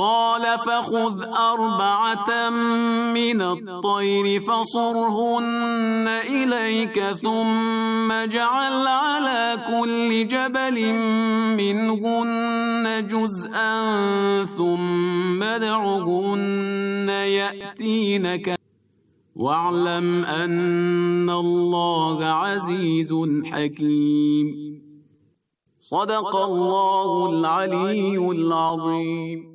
قال فخذ أربعة من الطير فصرهن إليك ثم اجعل على كل جبل منهن جزءا ثم ادعهن يأتينك واعلم أن الله عزيز حكيم صدق الله العلي العظيم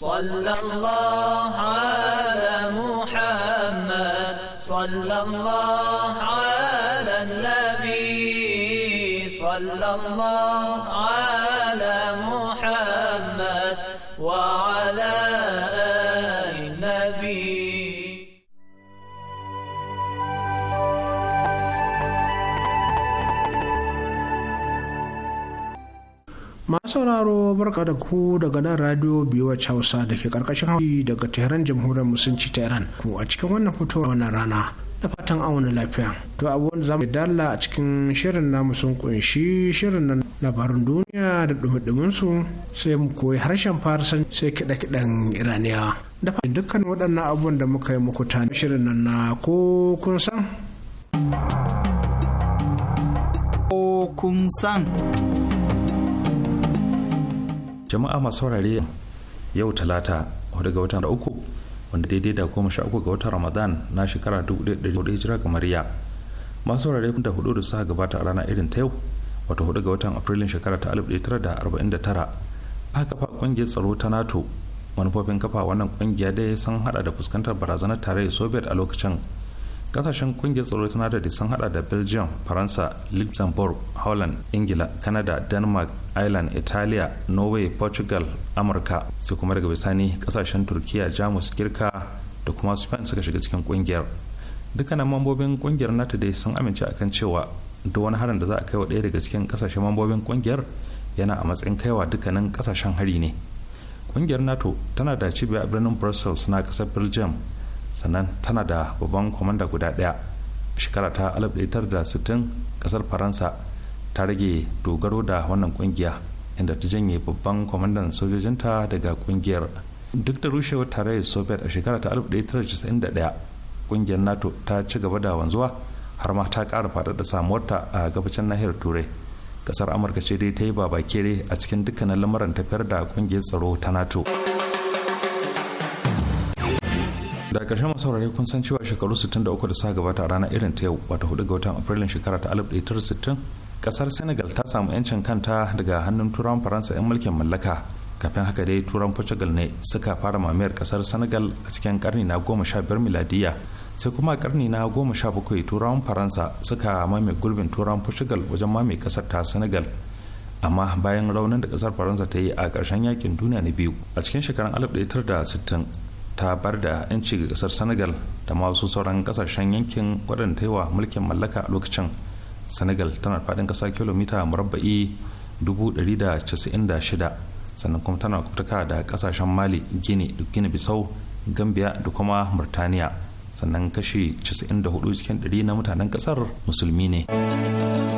صلى الله على محمد صلى الله على النبي صلى الله على masu sauraro barka da ku daga nan radio biwacce hausa da ke karkashin hauki daga tehran jamhuriyar musulunci ta iran ko a cikin wannan fitowar wannan rana da fatan auna lafiya to abubuwan za mu dalla a cikin shirin namu sun kunshi shirin nan labarin duniya da dumi su sai mu koyi harshen farsan sai kiɗa-kiɗan iraniya da fatan dukkan waɗannan abubuwan da muka yi muku tani shirin nan na ko kun san ko kun san jama'a masu saurare yau talata wadda ga watan uku wanda daidai da goma sha uku ga watan ramadan na shekara dubu ɗaya ɗari hudu hijira mariya masu saurare kun da hudu da suka gabata a rana irin ta yau wata hudu ga watan afrilun shekara ta alif ɗaya tara da arba'in da tara aka kafa ƙungiyar tsaro ta nato manufofin kafa wannan ƙungiya dai sun hada da fuskantar barazanar tarayyar soviet a lokacin kasashen kungiyar tsaro ta nada da sun hada da belgium faransa luxembourg holland ingila canada denmark ireland italiya norway portugal amurka sai kuma daga bisani kasashen turkiya jamus girka da kuma spain suka shiga cikin kungiyar dukkanin mambobin kungiyar nato dai sun amince akan cewa duk wani harin da za a kai wa ɗaya daga cikin kasashen mambobin kungiyar yana a matsayin kaiwa dukkanin kasashen hari ne kungiyar nato tana da cibiya a birnin brussels na kasar belgium sannan tana da babban kwamanda guda daya shekara ta 1960 kasar faransa ta rage dogaro da wannan kungiya inda ta janye babban kwamandan sojojinta daga kungiyar duk da rushewar tarayyar soviet a shekara ta 1991 kungiyar nato ta ci gaba da wanzuwa har ma ta kara ƙara faɗaɗa samuwarta a gabacin nahiyar turai kasar amurka ce dai ta yi babakere a cikin dukkanin lamuran tafiyar da kungiyar tsaro ta nato da ƙarshen masu saurare kun san cewa shekaru 63 da suka gabata a ranar irin ta yau wata hudu ga watan afrilun shekara ta 1960 ƙasar senegal ta samu 'yancin kanta daga hannun turawan faransa 'yan mulkin mallaka kafin haka dai turawan portugal ne suka fara mamayar kasar senegal a cikin karni na 15 miladiya sai kuma karni na goma sha 17 turawan faransa suka mame gurbin turawan portugal wajen mame kasar ta senegal amma bayan raunin da kasar faransa ta yi a karshen yakin duniya na biyu a cikin shekarun 1960 ta bar da 'yanci ga kasar senegal da masu sauran kasashen yankin waɗanda ta wa mulkin mallaka a lokacin senegal tana faɗin ƙasa kilomita murabba'i 196 sannan kuma tana kutuka da ƙasashen mali gini da gini bisau gambia da kuma murtaniya sannan kashi 94 cikin 100 na mutanen ƙasar musulmi ne.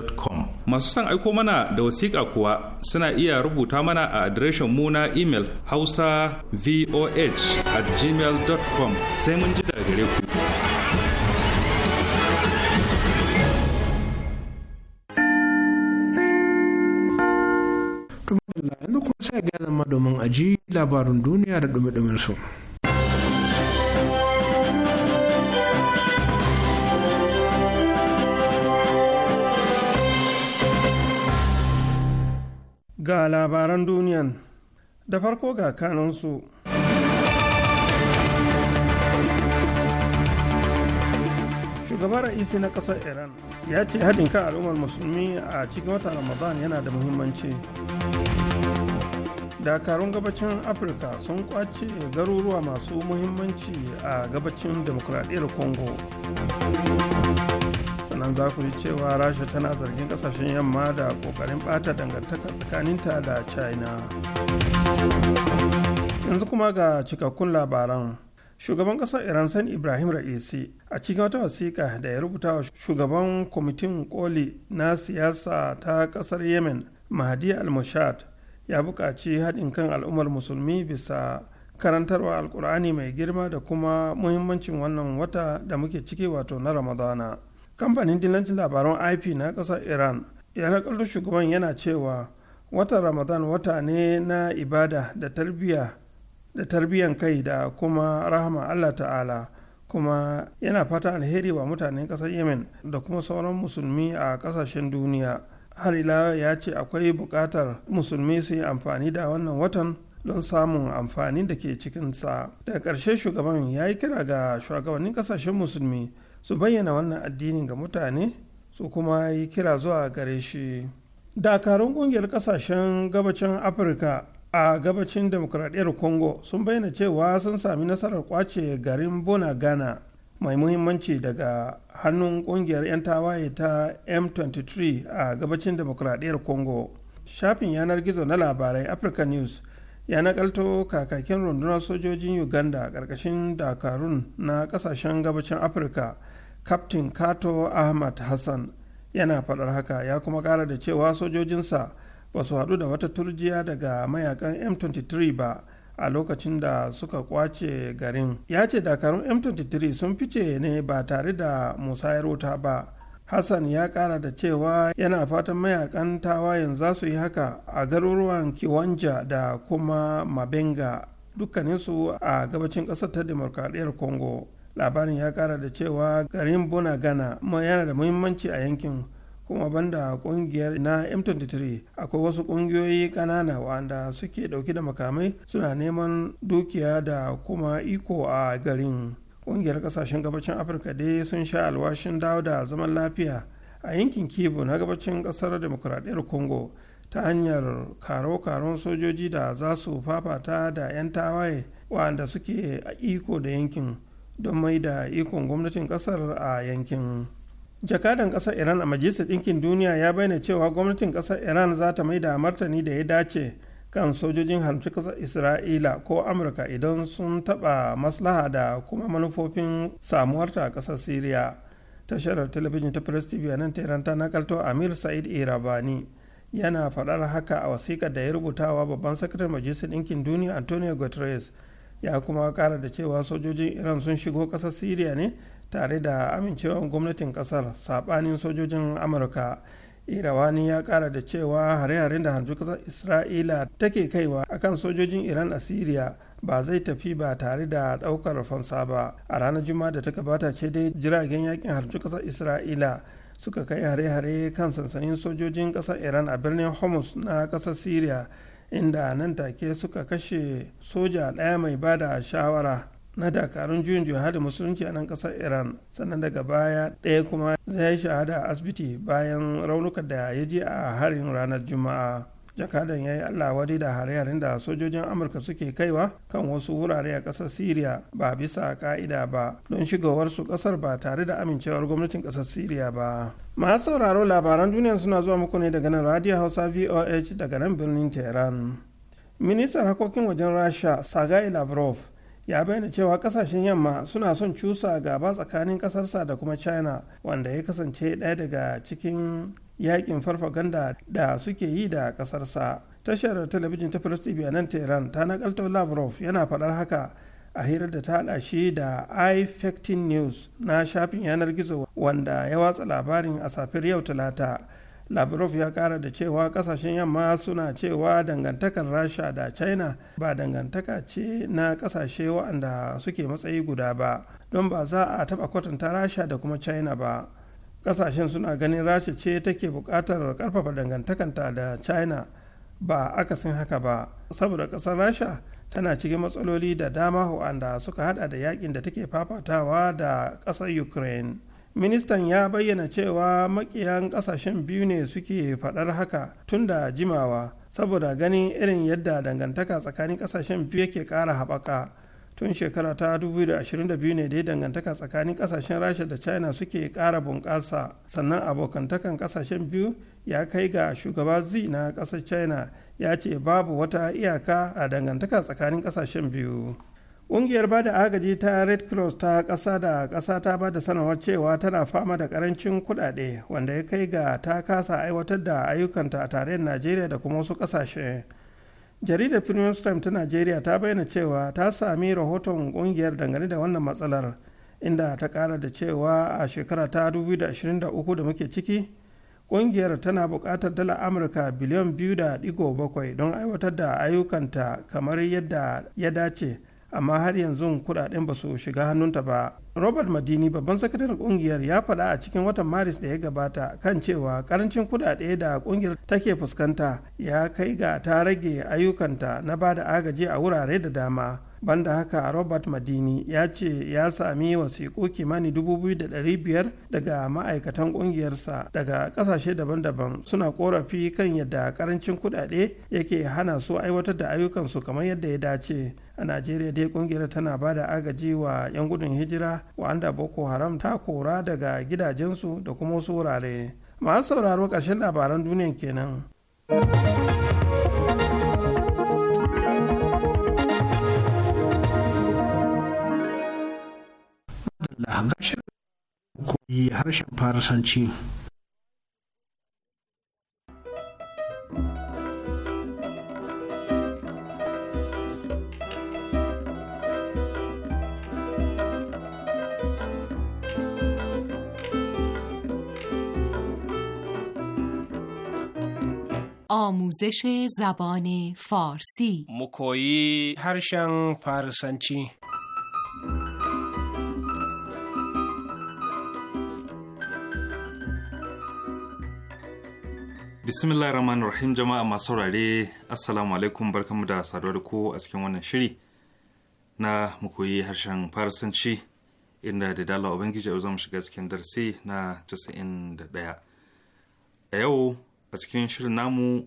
masu son aiko mana da wasiƙa kuwa suna iya rubuta mana a adireshin mu na imel hausa voh at gmail dot com sai mun ji daga gare ku. Yanzu kuma sai gane madomin aji labarin duniya da dumi-dumin su. ga labaran duniyan da farko ga kanansu shugaban ra'isi na ƙasar iran ya ce haɗin kan al'ummar musulmi a cikin watan ramadan yana da muhimmanci dakarun gabacin afirka sun kwace garuruwa masu muhimmanci a gabacin demokuraɗiyar congo sannan za ku ji cewa rasha tana zargin kasashen yamma da kokarin ɓata dangantaka tsakaninta da china yanzu kuma ga cikakkun labaran shugaban ƙasar iran san ibrahim ra'isi a cikin wata wasiƙa da ya rubuta wa shugaban kwamitin koli na siyasa ta ƙasar yemen mahdi al-mushad ya buƙaci haɗin kan al'ummar musulmi bisa karantarwa alkur'ani mai girma da kuma muhimmancin wannan wata da muke ciki wato na ramadana kamfanin dillancin labaran ip na ƙasar iran ya shugaban yana cewa watan ramadan wata ne na ibada da tarbiyya da tarbiyyan kai da kuma rahama allah ta'ala kuma yana fata alheri wa mutanen ƙasar yemen da kuma sauran musulmi a ƙasashen duniya har ila ya ce akwai buƙatar musulmi su yi amfani da wannan watan don samun amfani da ke cikinsa daga ƙarshe shugaban ya yi kira ga shugabannin ƙasashen musulmi su bayyana wannan addinin ga mutane su kuma yi kira zuwa gare shi dakarun ƙungiyar ƙasashen gabacin afirka a gabacin demokradiyyar congo sun bayyana cewa sun sami nasarar kwace garin bona ghana mai muhimmanci daga hannun kungiyar 'yan tawaye ta m23 a gabacin demokuraɗiyar congo shafin yanar gizo na labarai africa news ya nakalto kakakin rundunar sojojin uganda ƙarƙashin dakarun na ƙasashen gabacin afirka captain kato ahmad hassan yana faɗar haka ya kuma ƙara da cewa sojojinsa ba su haɗu da wata turjiya daga mayakan m23 ba a lokacin da suka kwace garin ya ce dakarun m23 sun fice ne ba tare da musayar wuta ba hassan ya kara da cewa yana fatan mayakan tawayen za su yi haka a garuruwan kiwanja da kuma mabenga dukkaninsu a gabacin ƙasar ta demarkaɗiyar congo labarin ya kara da cewa garin gana yana da muhimmanci a yankin kuma banda kungiyar na m23 akwai wasu kungiyoyi kanana wanda suke dauke da makamai suna neman dukiya da kuma iko a garin kungiyar kasashen gabacin afirka dai sun sha alwashin dawo da zaman lafiya a yankin kibo na gabacin kasar demokuraɗiyar congo ta hanyar karo-karon sojoji da za su fafata da 'yan tawaye wanda suke iko da yankin don mai da ikon gwamnatin kasar a yankin. jakadan ƙasar iran a majalisar ɗinkin duniya ya bayyana cewa gwamnatin ƙasar iran za ta mai da martani da ya dace kan sojojin haramci kasar isra'ila ko amurka idan sun taɓa maslaha da kuma manufofin samuwarta a ƙasar syria tashar talabijin ta press tv a nan tehran ta nakalto amir sa'id irabani yana faɗar haka a wasiƙar da ya rubutawa babban sakatar majalisar ɗinkin duniya antonio guterres ya kuma ƙara da cewa sojojin iran sun shigo ƙasar syria ne tare da amincewar gwamnatin kasar saɓanin sojojin amurka irawani ya kara da cewa hare-haren da hanzu kasar isra'ila take kaiwa akan sojojin iran a syria ba zai tafi ba tare da ɗaukar fansa ba a ranar juma'a da ta gabata ce dai jiragen yakin harbi kasar isra'ila suka kai hare-hare kan sansanin sojojin kasar iran a birnin homus na kasar syria inda nan take suka kashe soja ɗaya mai bada shawara na dakarun juyin jihadi musulunci a nan kasar iran sannan daga baya ɗaya kuma zai shahada a asibiti bayan raunukan da ya ji a harin ranar juma'a jakadan ya yi allah wadi da hare-haren da sojojin amurka suke kaiwa kan wasu wurare a ƙasar syria ba bisa ka'ida ba don shigowar su ƙasar ba tare da amincewar gwamnatin ƙasar syria ba masu sauraro labaran duniya suna zuwa muku ne daga nan radio hausa voh daga nan birnin tehran ministan harkokin wajen rasha sagai lavrov ya bayyana cewa kasashen yamma suna son cusa gaba tsakanin kasarsa da kuma china wanda ya kasance ɗaya daga cikin yakin farfaganda da suke yi da kasarsa tashar talabijin ta first tv nan tehran ta nakalta lavrov yana faɗar haka a hirar da ta haɗa shi da ifectin news na shafin yanar gizo wanda ya watsa labarin a safiyar yau talata lavrov ya kara da cewa kasashen yamma suna cewa dangantakar rasha da china ba dangantaka ce na kasashe waɗanda suke matsayi guda ba don ba za a taɓa kwatanta rasha da kuma china ba kasashen suna ganin rasha ce take buƙatar ƙarfafa dangantakanta da china ba akasin haka ba saboda ƙasar rasha tana cikin matsaloli da dama waɗanda suka hada da yakin da take fafatawa da ƙasar ukraine ministan ya bayyana cewa makiyan kasashen biyu ne suke faɗar haka tun da jimawa saboda ganin irin yadda dangantaka tsakanin kasashen biyu yake kara haɓaka tun shekara ta 2022 ne dai dangantaka tsakanin kasashen rasha da china suke ƙara bunƙasa sannan abokantakan kasashen biyu ya kai ga shugaba z na ƙasar china ya ce babu wata iyaka a dangantaka tsakanin kasashen biyu ƙungiyar ba da agaji ta red cross ta ƙasa da ƙasa ta ba da sanarwar cewa tana fama da ƙarancin kuɗaɗe wanda ya kai ga ta kasa aiwatar da ayyukanta a tare tarayyar najeriya da kuma wasu ƙasashe jaridar premium time ta najeriya ta bayyana cewa ta sami rahoton ƙungiyar dangane da wannan matsalar inda ta kara da cewa a shekara ta 2023 da muke ciki ƙungiyar tana buƙatar dala amurka biliyan bakwai don aiwatar da ayyukanta kamar yadda ya dace amma har yanzu kudaden ba su shiga hannunta ba robert madini babban sakataren kungiyar ya faɗa a cikin watan maris da ya gabata kan cewa karancin kudade da kungiyar take fuskanta ya kai ga ta rage ayyukanta na ba da agaji a wurare da dama banda haka robert madini ya ce ya sami wasiƙu kimani 2,500 daga ma'aikatan ƙungiyarsa daga ƙasashe daban-daban suna korafi kan yadda ƙarancin kuɗaɗe yake hana su aiwatar da ayyukansu kamar yadda ya dace a najeriya dai ƙungiyar tana ba da agaji wa 'yan gudun hijira wa'anda boko haram ta kora daga gidajensu da kuma wasu wurare masu sauraro ƙarshen labaran duniya kenan. آموزش زبان فارسی مکویی هرشن پرسنچی Bismillah rahman rahim jama'a masu saurare assalamu alaikum barkamu da saduwa da ku a cikin wannan shiri na mu koyi harshen farasanci inda da dala ubangiji a mu shiga cikin darasi na 91 a yau a cikin shirin namu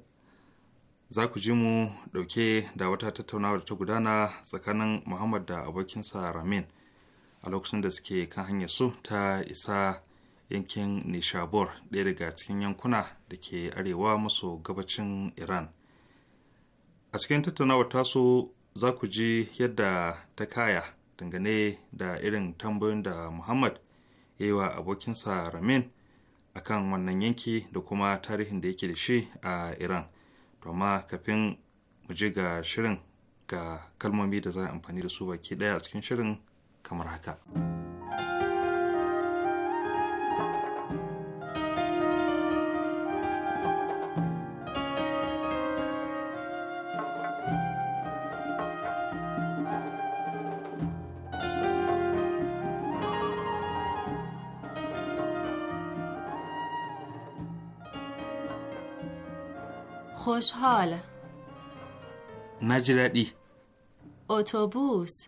za ku ji mu dauke da wata tattaunawa da ta gudana tsakanin muhammad da abokinsa ramin a lokacin da suke kan hanyar su ta isa yankin nishabur ɗaya daga cikin yankuna da ke arewa maso gabacin iran a cikin tattaunawar taso za ku ji yadda ta kaya dangane da irin tambayoyin da muhammad ya yi wa abokinsa ramin a kan wannan yanki da kuma tarihin da yake da shi a iran to amma kafin mu je ga shirin ga kalmomi da za a amfani da su baki ɗaya a cikin shirin kamar haka. خوشحال مجردی اتوبوس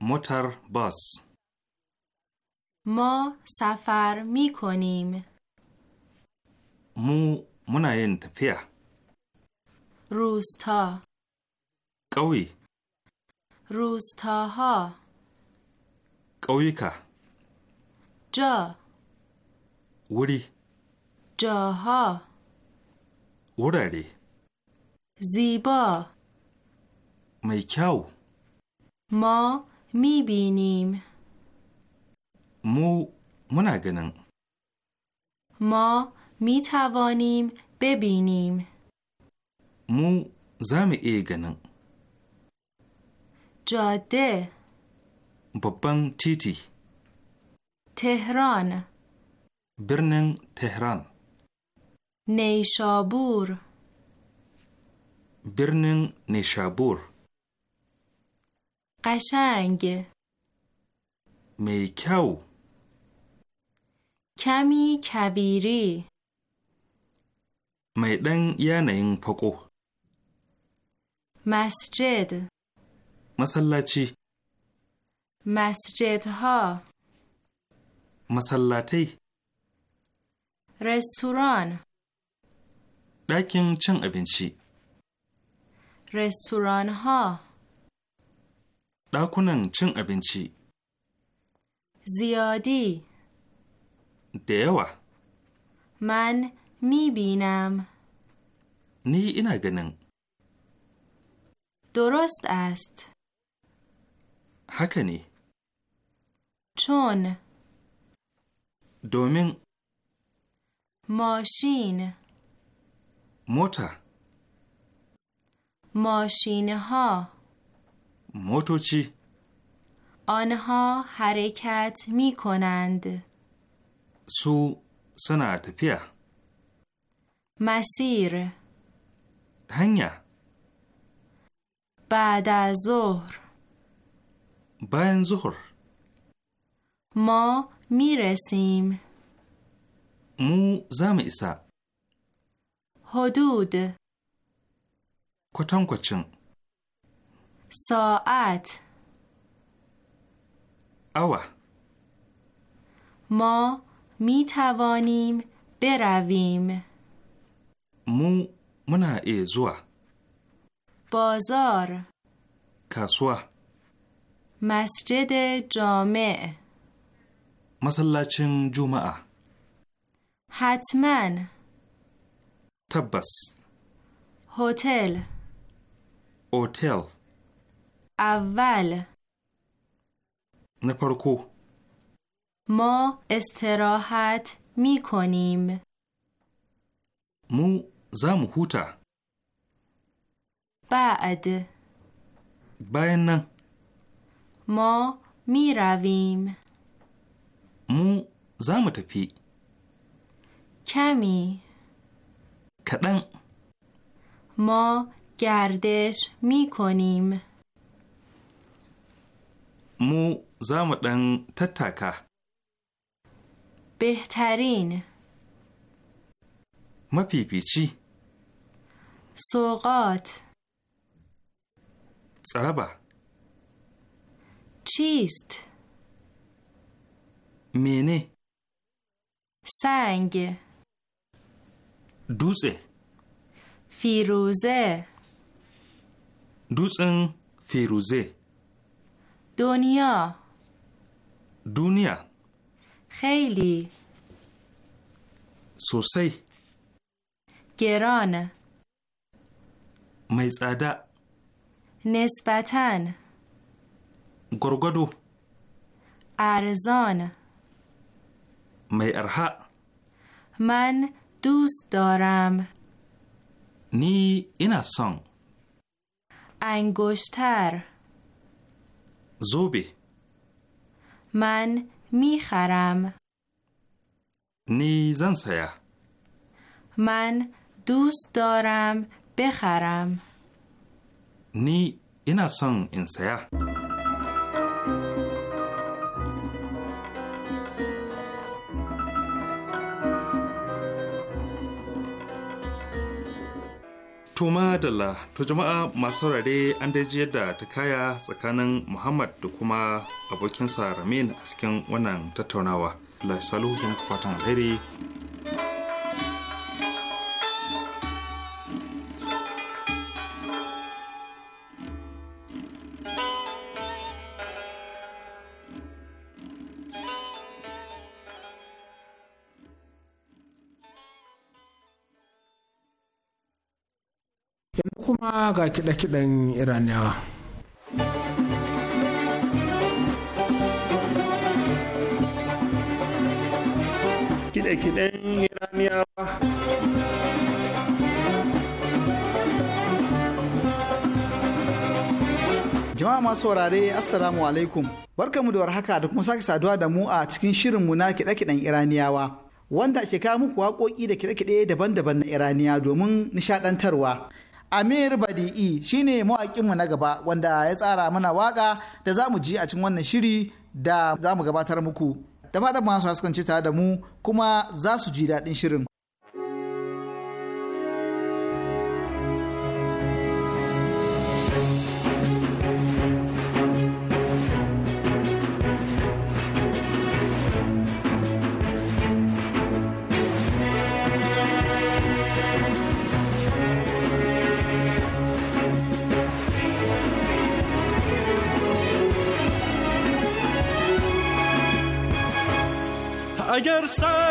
موتر باس ما سفر می کنیم مو منعین تفیه روستا قوی روستاها که جا وری جاها wurare. Zibo! Mai kyau Ma mi binim Mu muna ganin Ma mi tabanim be binim Mu za mu iya ganin Jade Babban titi Tehran Birnin Tehran نیشابور برنن نیشابور قشنگ میکاو کمی کبیری میدن یا این پکو مسجد ها مسجدها مسلاتی رستوران ɗakin cin abinci. Restaurant ha. ɗakunan cin abinci. Ziyadi. Da yawa. Man mi binam. Ni ina ganin. Dorost ast. Haka ne. Chon. Domin. Mashin. موتا ماشین ها موتوچی آنها حرکت می کنند سو سنا پیا، مسیر هنیا بعد از ظهر بعد ظهر ما میرسیم مو زم حدود کچن ساعت اوا ما می توانیم برویم مو منا ای بازار کسوا مسجد جامع مسلچن جمعه حتماً تبس هتل هتل اول نپرکو ما استراحت می کنیم مو زم هوتا بعد بین ما می رویم مو زم تپی کمی کدن ما گردش می کنیم مو زامدن تتکه بهترین ما پیپیچی. سوقات سرابا چیست مینه سنگ دوزه فیروزه دوتسن فیروزه دنیا دنیا خیلی سوسی گران میزاده نسبتا گرگدو ارزان میارها من دوست دارم نی اینا سان انگشتر زوبی من میخرم نی زن سیا من دوست دارم بخرم نی اینا سان Tuma Dalla, to jama'a masu saurare an daji yadda ta kaya tsakanin Muhammad da kuma abokinsa Ramin a cikin wannan tattaunawa. Allah ya salu fatan alheri kuma ga kiɗe-kiɗen iraniyawa kiɗe-kiɗen iraniyawa jama'a masu saurare assalamu alaikum barkamu da warhaka da kuma sake saduwa da mu a cikin shirinmu na kiɗe-kiɗen iraniyawa wanda ke kawo muku waƙoƙi da kiɗe-kiɗe daban-daban na iraniya domin nishaɗantarwa Amir Badi'i shine mawaƙinmu na gaba wanda ya tsara mana waƙa da za mu ji a cikin wannan shiri da za mu gabatar muku. Da fatan masu haskanci tare da mu kuma za su ji daɗin shirin. sun.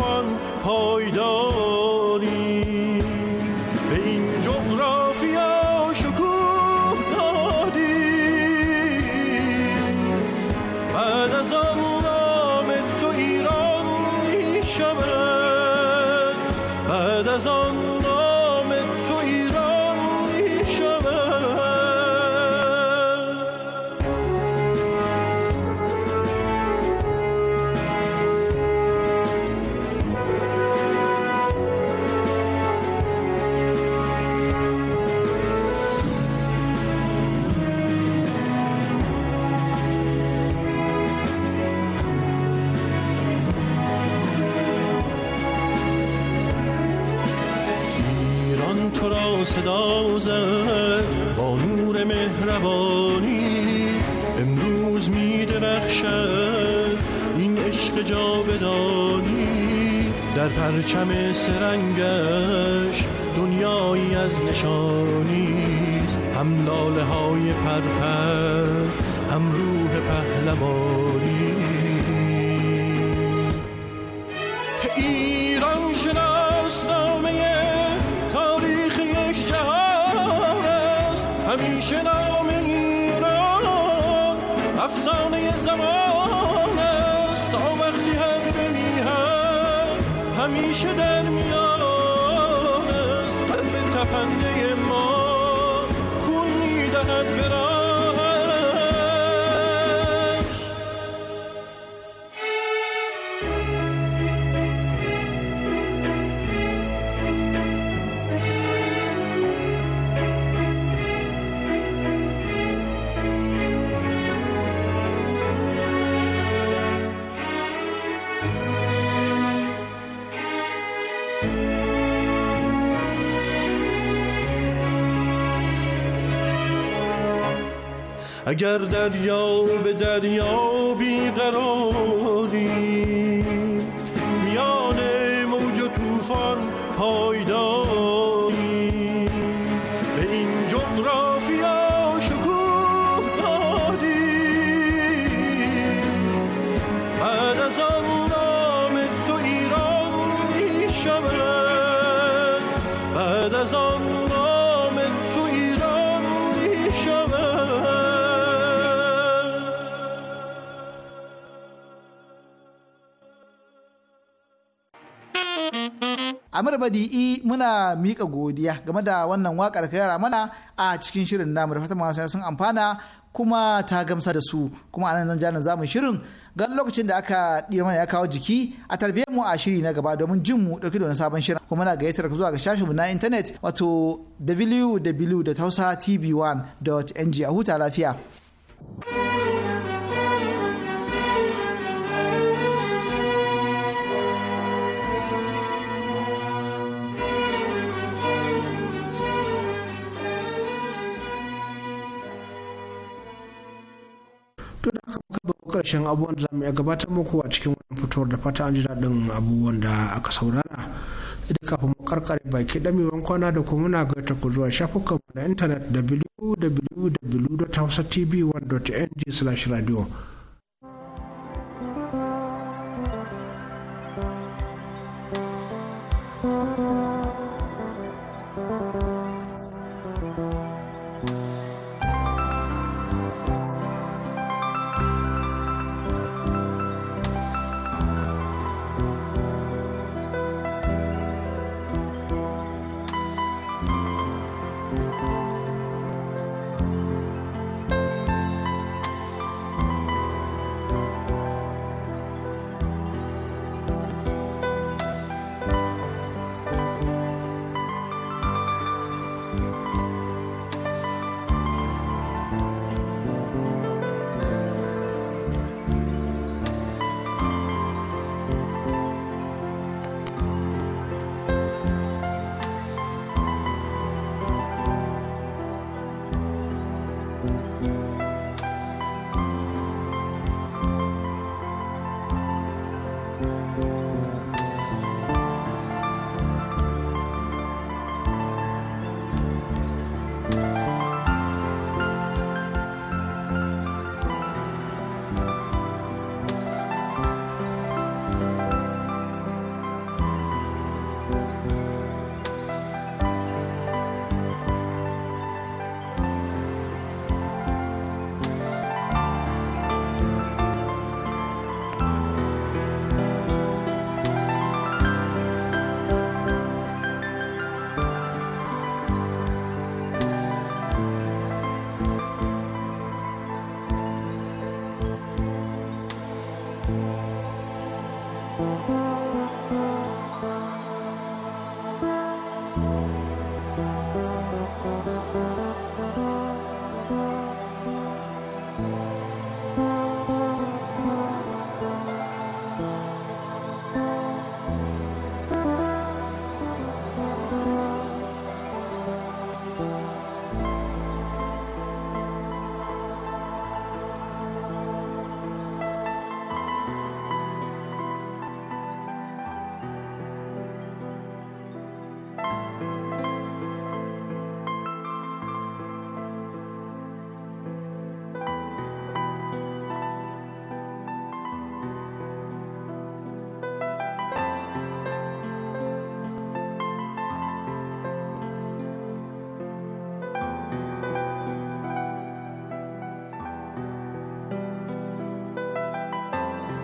طوفان پایداری عشق جاودانی در پرچم سرنگش دنیایی از نشانی هم لاله های پرپر هم روح پهلوانی ایران شناس نامه تاریخ یک جهان است همیشه dermiş ederim ya اگر دریا به دریا بیقرار a Amir i muna miƙa godiya game da wannan waƙar ka yara mana a cikin shirin namu da fatan masu sun amfana kuma ta gamsa da su kuma anan zan jana zamu shirin ga lokacin da aka ɗira mana ya kawo jiki a tarbiyyar mu a shiri na gaba domin jin mu ɗauki da wani sabon shirin kuma na gayyatar ku zuwa ga shafinmu na intanet wato www.hausatv1.ng a huta lafiya. karshen abubuwan da zamu iya gabatar muku a cikin wannan fitowar da fata an ji daɗin abubuwan da aka saurara idan kafin mu karkare baki miwan kwana da kuma muna gaita ku zuwa shafukan na intanet www.hausatv1.ng/radio Thank you.